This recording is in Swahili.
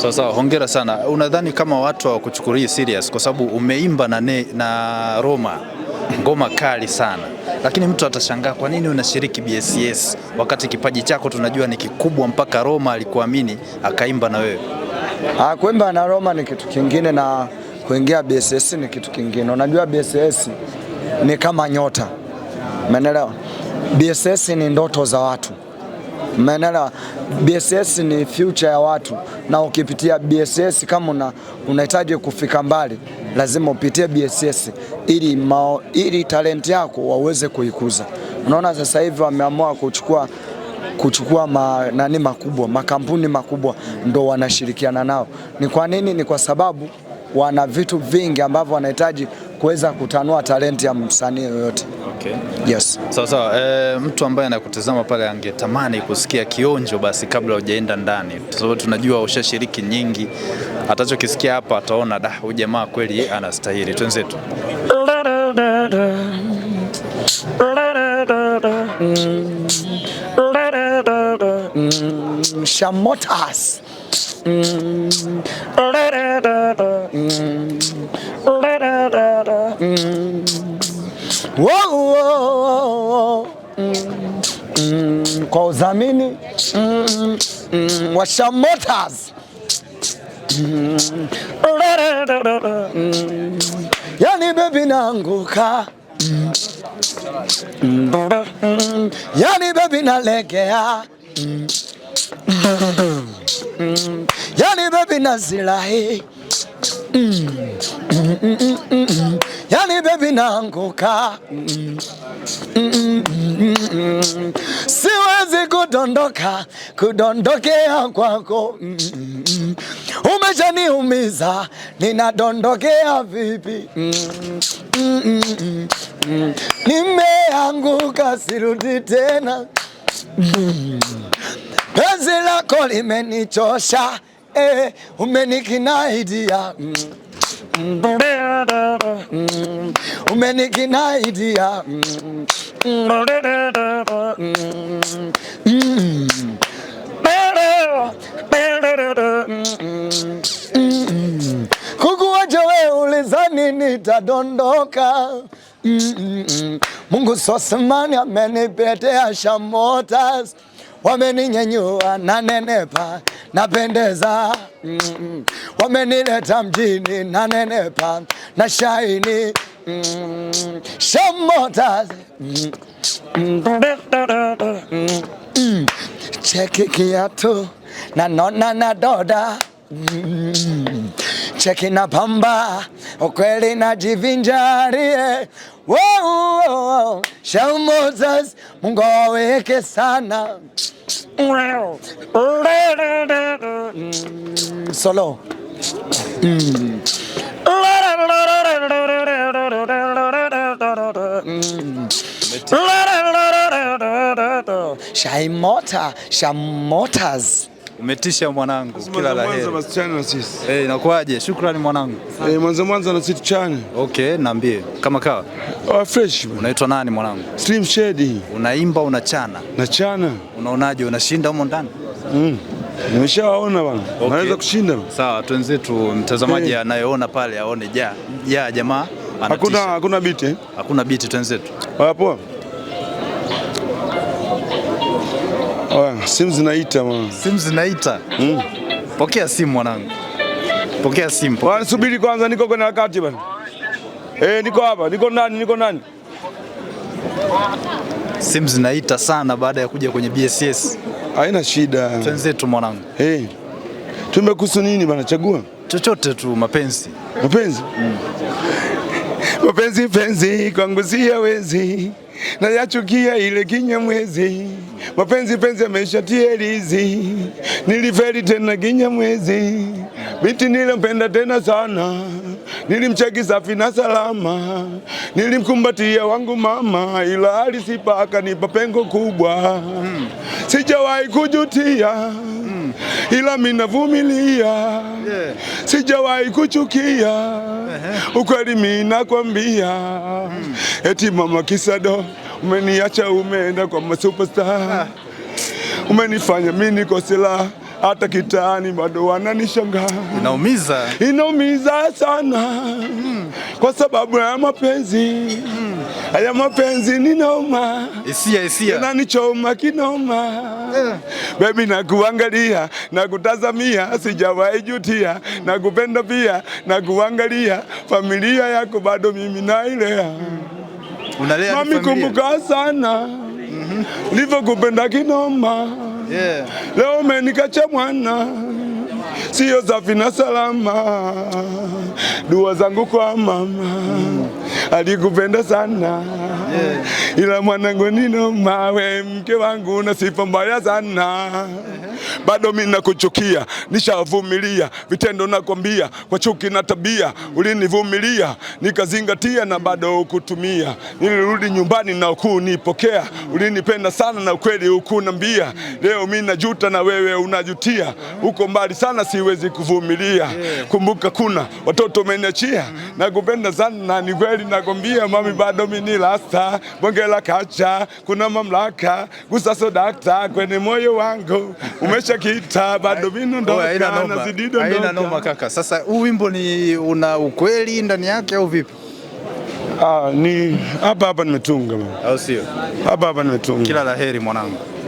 Sawa sawa, hongera sana. Unadhani kama watu hawakuchukulia serious kwa sababu umeimba na, ne, na Roma ngoma kali sana, lakini mtu atashangaa kwa nini unashiriki BSS wakati kipaji chako tunajua ni kikubwa, mpaka Roma alikuamini akaimba na wewe. Ah, kuimba na Roma ni kitu kingine na kuingia BSS ni kitu kingine. Unajua BSS ni kama nyota, umeelewa? BSS ni ndoto za watu Umeelewa? BSS ni future ya watu, na ukipitia BSS kama unahitaji una kufika mbali, lazima upitie BSS ili, mao, ili talent yako waweze kuikuza. Unaona, sasa hivi wameamua kuchukua kuchukua ma, nani makubwa makampuni makubwa ndo wanashirikiana nao. Ni kwa nini? Ni kwa sababu wana vitu vingi ambavyo wanahitaji kuweza kutanua talenti ya msanii yoyote. Okay. Yes. Sawa sawa. E, mtu ambaye anakutazama pale angetamani kusikia kionjo basi kabla hujaenda ndani, kwa sababu tunajua ushashiriki nyingi, atachokisikia hapa ataona da, huyu jamaa kweli anastahili. Twenzetu. Shamotas. Mm oh, mm, mm, kwa udhamini mm, mm, Motors mm, mm, yani bebi naanguka mm, mm, yani bebi nalegea mm, mm, yani bebi nazilahi mm yani baby naanguka, siwezi kudondoka, kudondokea kwako umeshaniumiza, ninadondokea vipi? Nimeanguka, sirudi tena, penzi lako limenichosha, eh, umenikinahidia umenikinaidia kukuwacha we ulizani nitadondoka. Mm, mm, mm. Mungu sosemani amenipetea shamotas wameninyanyua na nenepa napendeza Wamenileta mjini na nenepa na shaini Shamota Cheki kiatu na nona na doda Cheki na pamba ukweli na jivinjarie oh, oh, oh. Shall Moses, Mungu aweke sana mm, solo mm. Shaimota, Shamotas Umetisha mwanangu, kila la heri. Eh, inakuaje? Shukrani mwanangu. Eh, mwanzo mwanzo na sisi chani. Okay, naambie kama kawa. Oh, fresh. Unaitwa nani mwanangu? Slim Shady. Unaimba unachana? Nachana. Unaonaje, unashinda humo ndani? Mm. Nimeshawaona bwana. Okay. Naweza kushinda. Sawa, twenzetu mtazamaji hey, eh. anayeona pale aone ja. Ja jamaa anatisha. Hakuna eh? hakuna biti Hakuna biti twenzetu. Wapo. Oya, simu zinaita mwana. Simu zinaita? Mm. Pokea simu mwanangu. Pokea simu. Bwana subiri kwanza niko kwenye wakati bwana. Eh, niko hapa, niko ndani, niko ndani. Simu zinaita sana baada ya kuja kwenye BSS. Haina shida. Twenzetu mwanangu. Eh. Tumekuhusu nini bwana, chagua. Chochote tu mapenzi. Mapenzi? Mm. Mapenzi penzi kwangu si wezi. Na yachukia ile kinyamwezi mapenzi penzi yameisha tielizi niliferi tena ginya mwezi, binti nilimpenda tena sana, nilimchagi safi na salama, nilimkumbatia wangu mama, ila alisipa akanipa pengo kubwa, sijawahi kujutia ila minavumilia yeah. Sijawahi kuchukia uh -huh. Ukweli minakwambia mm. Eti mama kisado Umeniacha umeenda kwa masuperstar, ah. umenifanya mimi niko silaha hata kitani bado wananishangaa. Inaumiza, inaumiza sana mm. Kwa sababu ya mapenzi mm. Haya mapenzi ni noma, hisia hisia inanichoma kinoma yeah. Baby nakuangalia nakutazamia, sijawahi jutia, nakupenda pia nakuangalia, familia yako bado mimi nailea mm. Unalea mami, kumbuka sana mm kupenda kinoma yeah. Leo umenikacha mwana sio safi na salama. Dua zangu kwa mama alikupenda sana yeah. ila mwanangu ninoma, we mke wangu na sifa mbaya sana bado mimi nakuchukia, nishavumilia vitendo, nakwambia kwa chuki na tabia. Ulinivumilia nikazingatia, na bado ukutumia. Nilirudi nyumbani na ukunipokea, ulinipenda sana na ukweli ukunambia. Leo mimi najuta na wewe unajutia, uko mbali sana si siwezi kuvumilia yeah. Kumbuka kuna watoto umeniachia mm -hmm. Nakupenda sana ni kweli, nakwambia mami, bado ni rasta bonge la kacha, kuna mamlaka gusa dakta kwenye moyo wangu umesha kita bado mini ndoka nazidi Haina noma kaka. Sasa huu wimbo ni una ukweli ndani yake au vipi? Ah, ni hapa hapa nimetunga, au sio? Hapa hapa nimetunga. Kila laheri mwanangu.